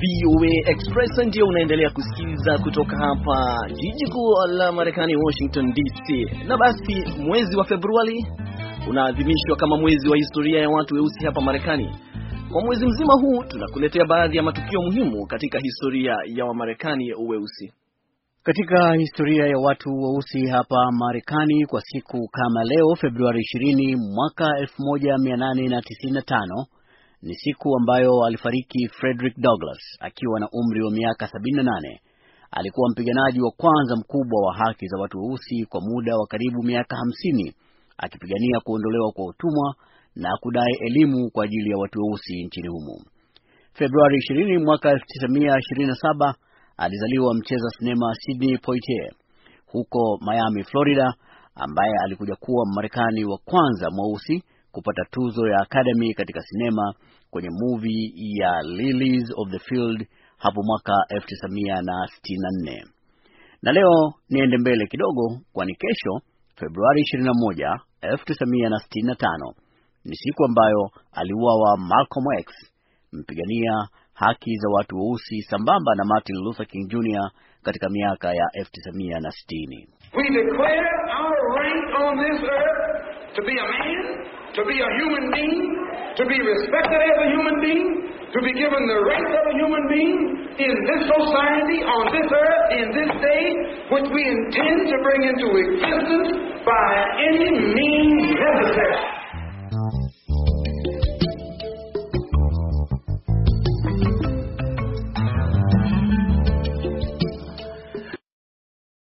VOA Express ndio unaendelea kusikiliza kutoka hapa jiji kuu la Marekani, Washington DC. Na basi mwezi wa Februari unaadhimishwa kama mwezi wa historia ya watu weusi hapa Marekani. Kwa mwezi mzima huu tunakuletea baadhi ya matukio muhimu katika historia ya Wamarekani weusi. Katika historia ya watu weusi hapa Marekani, kwa siku kama leo Februari 20 mwaka 1895 ni siku ambayo alifariki Frederick Douglass akiwa na umri wa miaka 78. Alikuwa mpiganaji wa kwanza mkubwa wa haki za watu weusi kwa muda wa karibu miaka 50, akipigania kuondolewa kwa utumwa na kudai elimu kwa ajili ya watu weusi nchini humo. Februari 20 mwaka 1927 alizaliwa mcheza sinema Sidney Poitier huko Miami, Florida, ambaye alikuja kuwa marekani wa kwanza mweusi kupata tuzo ya Academy katika sinema kwenye movie ya Lilies of the Field hapo mwaka 1964. Na leo niende mbele kidogo, kwani kesho Februari 21, 1965 ni siku ambayo aliuawa Malcolm X, mpigania haki za watu weusi sambamba na Martin Luther King Jr katika miaka ya 1960. We declare our right on this earth to be a man, to be a human being, to be respected as a human being, to be given the rights of a human being in this society, on this earth, in this day, which we intend to bring into existence by any means necessary.